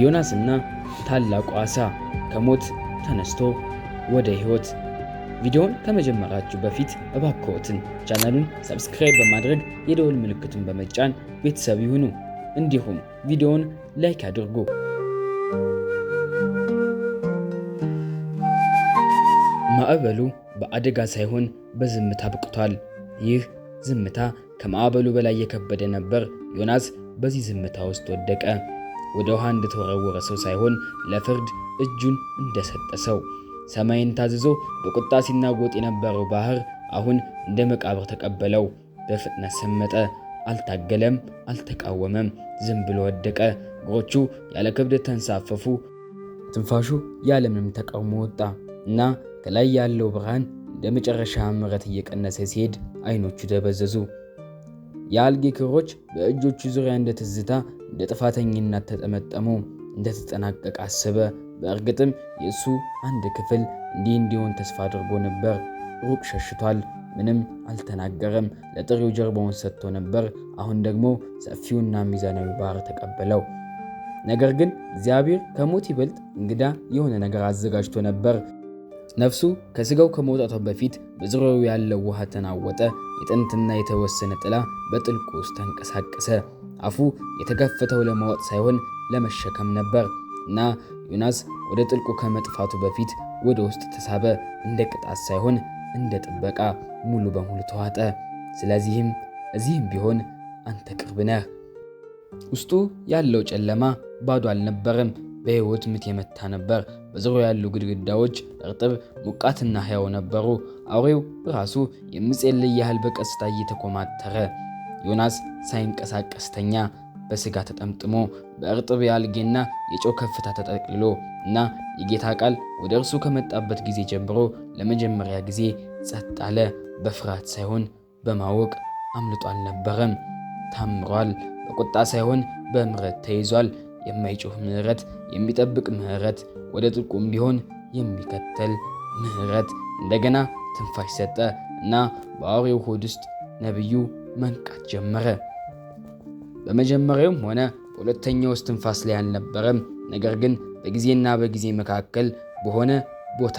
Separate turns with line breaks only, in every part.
ዮናስና ታላቁ አሳ ከሞት ተነስቶ ወደ ህይወት ቪዲዮውን ከመጀመራችሁ በፊት እባክዎትን ቻናሉን ሰብስክራይብ በማድረግ የደወል ምልክቱን በመጫን ቤተሰብ ይሁኑ። እንዲሁም ቪዲዮውን ላይክ አድርጉ። ማዕበሉ በአደጋ ሳይሆን በዝምታ አብቅቷል። ይህ ዝምታ ከማዕበሉ በላይ የከበደ ነበር። ዮናስ በዚህ ዝምታ ውስጥ ወደቀ። ወደ ውሃ እንደተወረወረ ሰው ሳይሆን ለፍርድ እጁን እንደሰጠ ሰው። ሰማይን ታዝዞ በቁጣ ሲናወጥ የነበረው ባህር አሁን እንደ መቃብር ተቀበለው። በፍጥነት ሰመጠ። አልታገለም፣ አልተቃወመም። ዝም ብሎ ወደቀ። እግሮቹ ያለ ክብደት ተንሳፈፉ። ትንፋሹ ያለምንም ተቃውሞ ወጣ እና ከላይ ያለው ብርሃን እንደ መጨረሻ ምረት እየቀነሰ ሲሄድ አይኖቹ ደበዘዙ። የአልጌ ክሮች በእጆቹ ዙሪያ እንደ ትዝታ እንደ ጥፋተኝነት ተጠመጠሙ፣ እንደተጠናቀቀ አሰበ። በእርግጥም የእሱ አንድ ክፍል እንዲህ እንዲሆን ተስፋ አድርጎ ነበር። ሩቅ ሸሽቷል። ምንም አልተናገረም። ለጥሪው ጀርባውን ሰጥቶ ነበር። አሁን ደግሞ ሰፊውና ሚዛናዊ ባህር ተቀበለው። ነገር ግን እግዚአብሔር ከሞት ይበልጥ እንግዳ የሆነ ነገር አዘጋጅቶ ነበር። ነፍሱ ከስጋው ከመውጣቷ በፊት በዙሪያው ያለው ውሃ ተናወጠ። የጥንትና የተወሰነ ጥላ በጥልቁ ውስጥ ተንቀሳቀሰ። አፉ የተከፈተው ለማወጥ ሳይሆን ለመሸከም ነበር እና ዮናስ ወደ ጥልቁ ከመጥፋቱ በፊት ወደ ውስጥ ተሳበ። እንደ ቅጣት ሳይሆን እንደ ጥበቃ ሙሉ በሙሉ ተዋጠ። ስለዚህም እዚህም ቢሆን አንተ ቅርብ ነህ። ውስጡ ያለው ጨለማ ባዶ አልነበረም። በሕይወት ምት የመታ ነበር። በዙሪያው ያሉ ግድግዳዎች እርጥብ፣ ሞቃትና ሕያው ነበሩ። አውሬው ራሱ የምጸልይ ያህል በቀስታ እየተኮማተረ ዮናስ ሳይንቀሳቀስ ተኛ። በስጋ ተጠምጥሞ በእርጥብ የአልጌና የጨው ከፍታ ተጠቅልሎ እና የጌታ ቃል ወደ እርሱ ከመጣበት ጊዜ ጀምሮ ለመጀመሪያ ጊዜ ጸጥ አለ። በፍርሃት ሳይሆን በማወቅ አምልጦ አልነበረም። ታምሯል። በቁጣ ሳይሆን በምሕረት ተይዟል። የማይጮህ ምሕረት፣ የሚጠብቅ ምሕረት፣ ወደ ጥልቁም ቢሆን የሚከተል ምሕረት። እንደገና ትንፋሽ ሰጠ እና በአውሬው ሆድ ውስጥ ነቢዩ መንቃት ጀመረ። በመጀመሪያውም ሆነ በሁለተኛው እስትንፋስ ላይ አልነበረም። ነገር ግን በጊዜና በጊዜ መካከል በሆነ ቦታ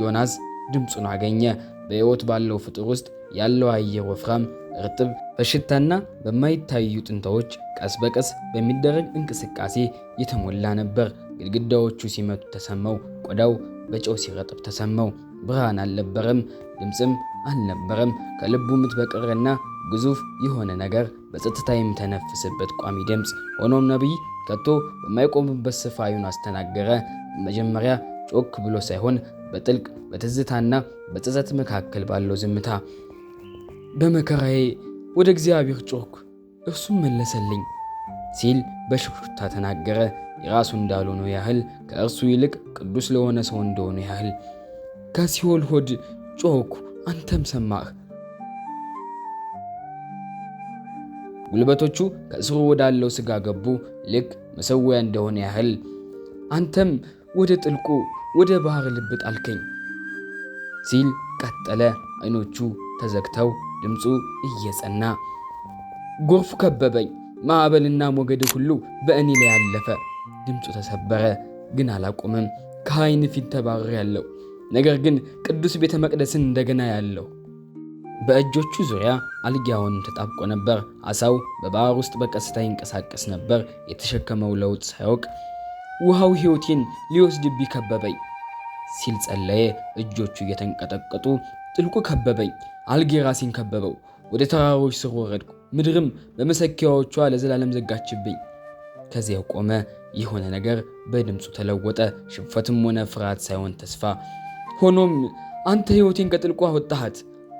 ዮናስ ድምፁን አገኘ። በሕይወት ባለው ፍጡር ውስጥ ያለው አየር ወፍራም፣ እርጥብ፣ በሽታና በማይታዩ ጥንታዎች ቀስ በቀስ በሚደረግ እንቅስቃሴ የተሞላ ነበር። ግድግዳዎቹ ሲመቱ ተሰማው። ቆዳው በጨው ሲረጥብ ተሰማው። ብርሃን አልነበረም፣ ድምፅም አልነበረም። ከልቡ ምት በቀረና ግዙፍ የሆነ ነገር በጸጥታ የሚተነፍስበት ቋሚ ድምፅ። ሆኖም ነቢይ ከቶ በማይቆምበት ስፋዩን አስተናገረ። መጀመሪያ ጮክ ብሎ ሳይሆን በጥልቅ በትዝታና በጸጸት መካከል ባለው ዝምታ። በመከራዬ ወደ እግዚአብሔር ጮክ፣ እርሱም መለሰልኝ ሲል በሽኩርታ ተናገረ። የራሱ እንዳልሆነው ያህል ከእርሱ ይልቅ ቅዱስ ለሆነ ሰው እንደሆነ ያህል ከሲኦል ሆድ ጮክ፣ አንተም ሰማህ ጉልበቶቹ ከስሩ ወዳለው ሥጋ ገቡ፣ ልክ መሰዊያ እንደሆነ ያህል። አንተም ወደ ጥልቁ ወደ ባህር ልብ ጣልከኝ ሲል ቀጠለ። አይኖቹ ተዘግተው ድምፁ እየጸና ጎርፍ ከበበኝ፣ ማዕበልና ሞገድ ሁሉ በእኔ ላይ አለፈ። ድምፁ ተሰበረ፣ ግን አላቆምም። ከአይን ፊት ተባረር ያለው ነገር ግን ቅዱስ ቤተ መቅደስን እንደገና ያለው በእጆቹ ዙሪያ አልጋውን ተጣብቆ ነበር። አሳው በባህር ውስጥ በቀስታ ይንቀሳቀስ ነበር። የተሸከመው ለውጥ ሳያውቅ ውሃው ሕይወቴን ሊወስድብ ከበበኝ ሲል ጸለየ። እጆቹ እየተንቀጠቀጡ ጥልቁ ከበበኝ። አልጌ ራሴን ከበበው። ወደ ተራሮች ስር ወረድኩ። ምድርም በመሰኪያዎቿ ለዘላለም ዘጋችብኝ። ከዚያው ቆመ። የሆነ ነገር በድምፁ ተለወጠ። ሽንፈትም ሆነ ፍርሃት ሳይሆን ተስፋ። ሆኖም አንተ ሕይወቴን ከጥልቁ አወጣሃት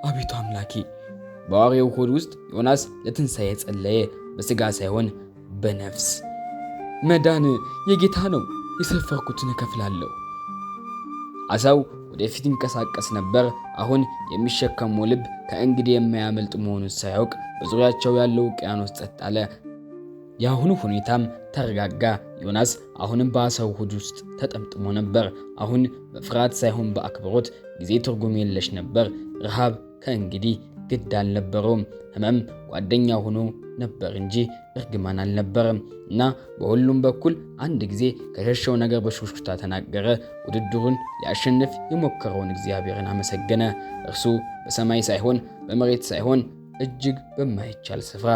አቤቱ አምላኬ በአውሬው ሆድ ውስጥ ዮናስ ለትንሣኤ ጸለየ፣ በሥጋ ሳይሆን በነፍስ መዳን የጌታ ነው፣ የሰፈርኩትን እከፍላለሁ። አሳው ወደፊት ይንቀሳቀስ ነበር። አሁን የሚሸከመው ልብ ከእንግዲህ የማያመልጥ መሆኑን ሳያውቅ በዙሪያቸው ያለው ውቅያኖስ ጸጥ አለ። የአሁኑ ሁኔታም ተረጋጋ። ዮናስ አሁንም በአሳው ሆድ ውስጥ ተጠምጥሞ ነበር። አሁን በፍርሃት ሳይሆን በአክብሮት ጊዜ ትርጉም የለሽ ነበር። ረሃብ ከእንግዲህ ግድ አልነበረውም። ህመም ጓደኛ ሆኖ ነበር እንጂ እርግማን አልነበረም እና በሁሉም በኩል አንድ ጊዜ ከሸሸው ነገር በሹክሹክታ ተናገረ። ውድድሩን ሊያሸንፍ የሞከረውን እግዚአብሔርን አመሰገነ። እርሱ በሰማይ ሳይሆን በመሬት ሳይሆን እጅግ በማይቻል ስፍራ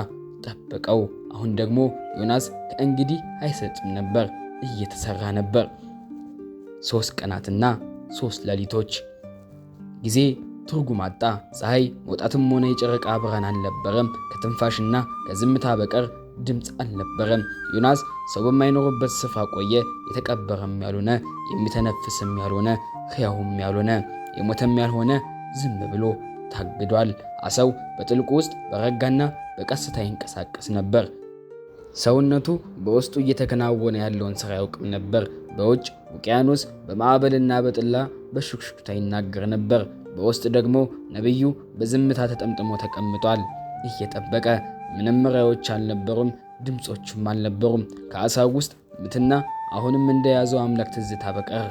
ጠበቀው። አሁን ደግሞ ዮናስ ከእንግዲህ አይሰጥም ነበር፣ እየተሰራ ነበር። ሶስት ቀናትና ሶስት ሌሊቶች ጊዜ ትርጉም አጣ። ፀሐይ መውጣትም ሆነ የጨረቃ ብርሃን አልነበረም። ከትንፋሽና ከዝምታ በቀር ድምፅ አልነበረም። ዮናስ ሰው በማይኖርበት ስፍራ ቆየ። የተቀበረም ያልሆነ የሚተነፍስም ያልሆነ ሕያውም ያልሆነ የሞተም ያልሆነ ዝም ብሎ ታግዷል። አሰው በጥልቁ ውስጥ በረጋና በቀስታ ይንቀሳቀስ ነበር። ሰውነቱ በውስጡ እየተከናወነ ያለውን ስራ ያውቅም ነበር። በውጭ ውቅያኖስ በማዕበልና በጥላ በሹክሹክታ ይናገር ነበር። በውስጥ ደግሞ ነቢዩ በዝምታ ተጠምጥሞ ተቀምጧል እየጠበቀ። ምንም ራዮች አልነበሩም፣ ድምጾችም አልነበሩም ከአሳው ውስጥ ምትና አሁንም እንደያዘው አምላክ ትዝታ በቀር።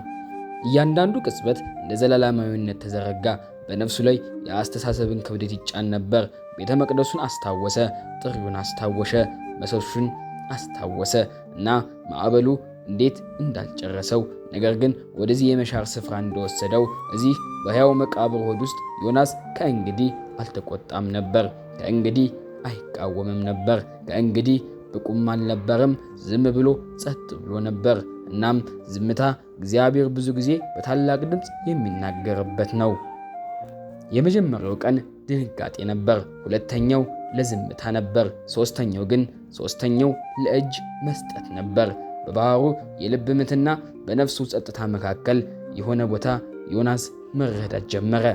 እያንዳንዱ ቅጽበት እንደ ዘላለማዊነት ተዘረጋ። በነፍሱ ላይ የአስተሳሰብን ክብደት ይጫን ነበር። ቤተ መቅደሱን አስታወሰ፣ ጥሪውን አስታወሸ፣ መሰሹን አስታወሰ እና ማዕበሉ እንዴት እንዳልጨረሰው ነገር ግን ወደዚህ የመሻር ስፍራ እንደወሰደው እዚህ በሕያው መቃብር ሆድ ውስጥ ዮናስ ከእንግዲህ አልተቆጣም ነበር። ከእንግዲህ አይቃወምም ነበር። ከእንግዲህ ብቁም አልነበርም። ዝም ብሎ ጸጥ ብሎ ነበር። እናም ዝምታ እግዚአብሔር ብዙ ጊዜ በታላቅ ድምፅ የሚናገርበት ነው። የመጀመሪያው ቀን ድንጋጤ ነበር። ሁለተኛው ለዝምታ ነበር። ሶስተኛው ግን ሶስተኛው ለእጅ መስጠት ነበር። በባህሩ የልብ ምትና በነፍሱ ጸጥታ መካከል የሆነ ቦታ ዮናስ መረዳት ጀመረ።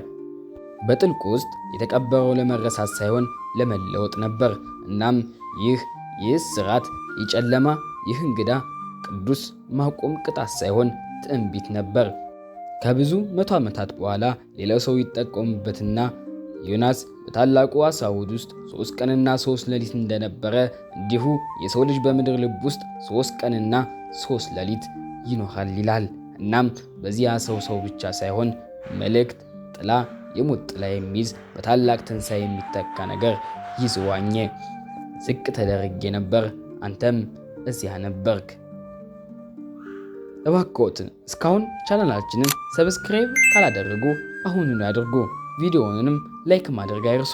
በጥልቁ ውስጥ የተቀበረው ለመረሳት ሳይሆን ለመለወጥ ነበር። እናም ይህ ይህ ስራት የጨለማ ይህ እንግዳ ቅዱስ ማቆም ቅጣት ሳይሆን ትንቢት ነበር። ከብዙ መቶ ዓመታት በኋላ ሌላው ሰው ይጠቀሙበትና ዮናስ በታላቁ ዓሣ ሆድ ውስጥ ሶስት ቀንና ሶስት ሌሊት እንደነበረ እንዲሁ የሰው ልጅ በምድር ልብ ውስጥ ሶስት ቀንና ሶስት ሌሊት ይኖራል ይላል። እናም በዚያ ሰው ሰው ብቻ ሳይሆን መልእክት፣ ጥላ፣ የሞት ጥላ የሚይዝ በታላቅ ትንሣኤ የሚተካ ነገር ይዘዋኘ። ዝቅ ተደርጌ ነበር፣ አንተም እዚያ ነበርክ። እባክዎትን እስካሁን ቻናላችንን ሰብስክራይብ ካላደረጉ አሁኑን ያድርጉ። ቪዲዮውንም ላይክ ማድረግ አይርሱ።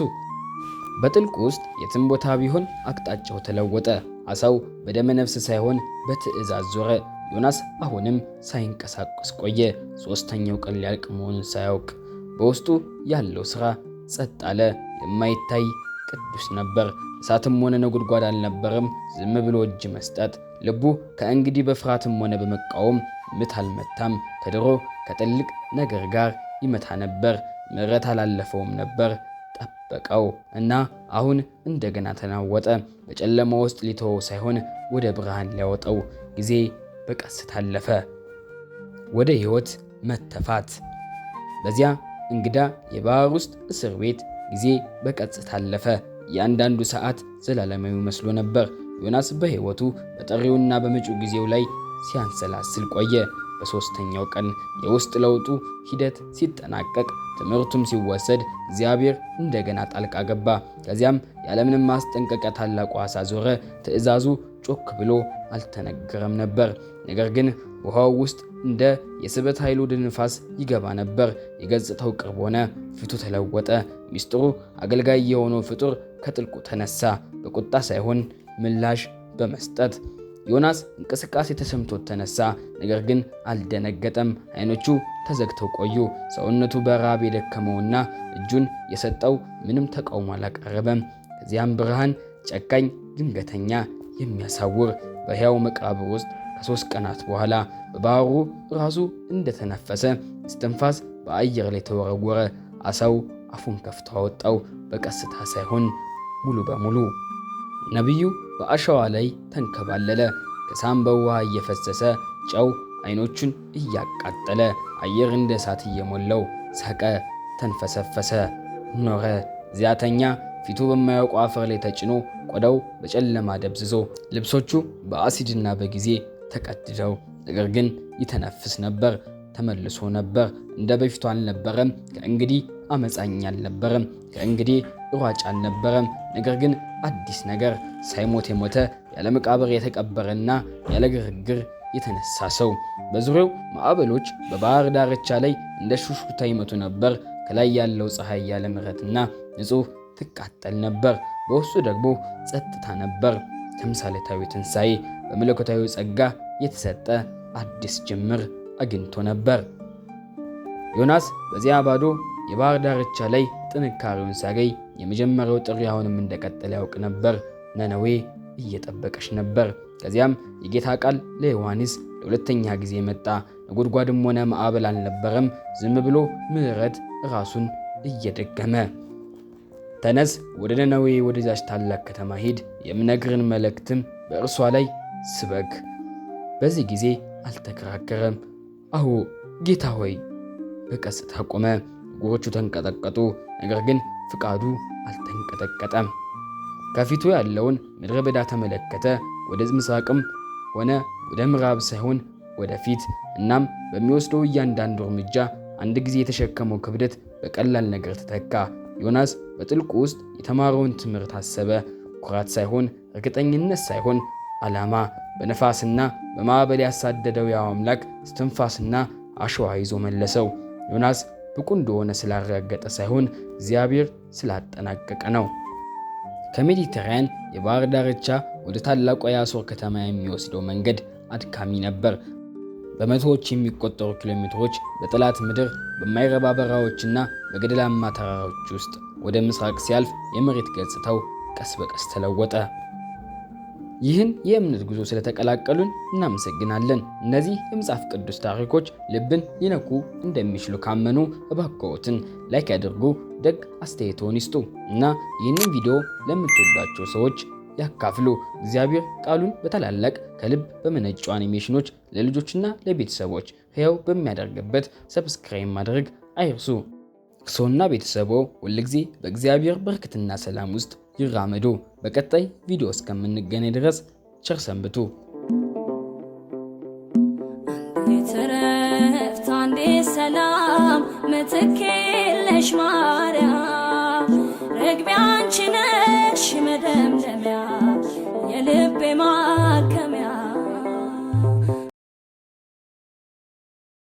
በጥልቁ ውስጥ የትም ቦታ ቢሆን አቅጣጫው ተለወጠ። አሳው ነፍስ ሳይሆን በትዕዛዝ ዞረ። ዮናስ አሁንም ሳይንቀሳቀስ ቆየ። ሦስተኛው ቀን ሊያልቅ መሆኑን ሳያውቅ በውስጡ ያለው ሥራ ጸጥ አለ። የማይታይ ቅዱስ ነበር። እሳትም ሆነ ነጎድጓድ አልነበረም። ዝም ብሎ እጅ መስጠት። ልቡ ከእንግዲህ በፍርሃትም ሆነ በመቃወም ምት አልመታም። ከድሮ ከጥልቅ ነገር ጋር ይመታ ነበር። ምሕረት አላለፈውም ነበር ጠበቀው እና አሁን እንደገና ተናወጠ። በጨለማ ውስጥ ሊተወው ሳይሆን ወደ ብርሃን ሊያወጣው ጊዜ በቀስታ አለፈ። ወደ ሕይወት መተፋት በዚያ እንግዳ የባህር ውስጥ እስር ቤት ጊዜ በቀስታ አለፈ። እያንዳንዱ ሰዓት ዘላለማዊ መስሎ ነበር። ዮናስ በሕይወቱ በጠሪውና በመጪው ጊዜው ላይ ሲያንሰላስል ቆየ። በሦስተኛው ቀን የውስጥ ለውጡ ሂደት ሲጠናቀቅ ትምህርቱም ሲወሰድ እግዚአብሔር እንደገና ጣልቃ ገባ። ከዚያም ያለምንም ማስጠንቀቂያ ታላቁ ዓሣ ዞረ። ትእዛዙ ጮክ ብሎ አልተነገረም ነበር። ነገር ግን ውሃው ውስጥ እንደ የስበት ኃይሉ ድንፋስ ይገባ ነበር። የገጽታው ቅርብ ሆነ፣ ፊቱ ተለወጠ። ሚስጥሩ አገልጋይ የሆነው ፍጡር ከጥልቁ ተነሳ፣ በቁጣ ሳይሆን ምላሽ በመስጠት ዮናስ እንቅስቃሴ ተሰምቶት ተነሳ። ነገር ግን አልደነገጠም። አይኖቹ ተዘግተው ቆዩ። ሰውነቱ በረሃብ የደከመውና እጁን የሰጠው ምንም ተቃውሞ አላቀረበም። ከዚያም ብርሃን ጨካኝ፣ ድንገተኛ፣ የሚያሳውር በሕያው መቃብር ውስጥ ከሶስት ቀናት በኋላ በባህሩ ራሱ እንደተነፈሰ እስትንፋስ በአየር ላይ ተወረወረ። አሳው አፉን ከፍቶ አወጣው፣ በቀስታ ሳይሆን ሙሉ በሙሉ ነቢዩ በአሸዋ ላይ ተንከባለለ። ከሳምባው ውሃ እየፈሰሰ ጨው አይኖቹን እያቃጠለ አየር እንደ እሳት እየሞላው ሳቀ፣ ተንፈሰፈሰ፣ ኖረ። ዚያተኛ ፊቱ በማያውቀው አፈር ላይ ተጭኖ ቆዳው በጨለማ ደብዝዞ ልብሶቹ በአሲድና በጊዜ ተቀድደው፣ ነገር ግን ይተነፍስ ነበር። ተመልሶ ነበር። እንደ በፊቱ አልነበረም። ከእንግዲህ አመፃኝ አልነበረም። ከእንግዲህ ሯጭ አልነበረም። ነገር ግን አዲስ ነገር ሳይሞት የሞተ ያለ መቃብር የተቀበረና ያለ ግርግር የተነሳ ሰው። በዙሪያው ማዕበሎች በባህር ዳርቻ ላይ እንደ ሹሹታ ይመቱ ነበር። ከላይ ያለው ፀሐይ ያለ ምሕረትና ንጹህ ትቃጠል ነበር። በውስጡ ደግሞ ጸጥታ ነበር። ተምሳሌታዊ ትንሣኤ በመለኮታዊ ጸጋ የተሰጠ አዲስ ጅምር አግኝቶ ነበር። ዮናስ በዚያ ባዶ የባህር ዳርቻ ላይ ጥንካሬውን ሲያገኝ የመጀመሪያው ጥሪ አሁንም እንደቀጠለ ያውቅ ነበር። ነነዌ እየጠበቀች ነበር። ከዚያም የጌታ ቃል ለዮሐንስ ለሁለተኛ ጊዜ መጣ። ነጎድጓድም ሆነ ማዕበል አልነበረም። ዝም ብሎ ምሕረት ራሱን እየደገመ ተነስ፣ ወደ ነነዌ ወደዛች ታላቅ ከተማ ሂድ፣ የምነግርን መልእክትም በእርሷ ላይ ስበክ። በዚህ ጊዜ አልተከራከረም። አሁ ጌታ ሆይ በቀስታ ቆመ። እግሮቹ ተንቀጠቀጡ። ነገር ግን ፍቃዱ አልተንቀጠቀጠም። ከፊቱ ያለውን ምድረ በዳ ተመለከተ። ወደ ምስራቅም ሆነ ወደ ምዕራብ ሳይሆን ወደፊት። እናም በሚወስደው እያንዳንዱ እርምጃ አንድ ጊዜ የተሸከመው ክብደት በቀላል ነገር ተተካ። ዮናስ በጥልቁ ውስጥ የተማረውን ትምህርት አሰበ። ኩራት ሳይሆን እርግጠኝነት ሳይሆን ዓላማ። በነፋስና በማዕበል ያሳደደው ያው አምላክ እስትንፋስና አሸዋ ይዞ መለሰው። ዮናስ ብቁ እንደሆነ ስላረጋገጠ ሳይሆን እግዚአብሔር ስላጠናቀቀ ነው። ከሜዲተራያን የባህር ዳርቻ ወደ ታላቋ የአሶር ከተማ የሚወስደው መንገድ አድካሚ ነበር። በመቶዎች የሚቆጠሩ ኪሎ ሜትሮች በጠላት ምድር በማይረባ በረሃዎችና በገደላማ ተራሮች ውስጥ ወደ ምስራቅ ሲያልፍ የመሬት ገጽታው ቀስ በቀስ ተለወጠ። ይህን የእምነት ጉዞ ስለተቀላቀሉን እናመሰግናለን። እነዚህ የመጽሐፍ ቅዱስ ታሪኮች ልብን ሊነኩ እንደሚችሉ ካመኑ እባክዎትን ላይክ ያድርጉ፣ ደግ አስተያየቶን ይስጡ እና ይህንን ቪዲዮ ለምትወዷቸው ሰዎች ያካፍሉ። እግዚአብሔር ቃሉን በታላላቅ ከልብ በመነጩ አኒሜሽኖች ለልጆችና ለቤተሰቦች ሕያው በሚያደርግበት ሰብስክራይብ ማድረግ አይርሱ። እርሶና ቤተሰቦ ሁልጊዜ በእግዚአብሔር በረከትና ሰላም ውስጥ ይራመዱ። በቀጣይ ቪዲዮ እስከምንገናኝ ድረስ ቸር ሰንብቱ። ሰላም ምትኬለሽ የለሽ ማርያም ረግቤ መደምደሚያ የልቤ ማ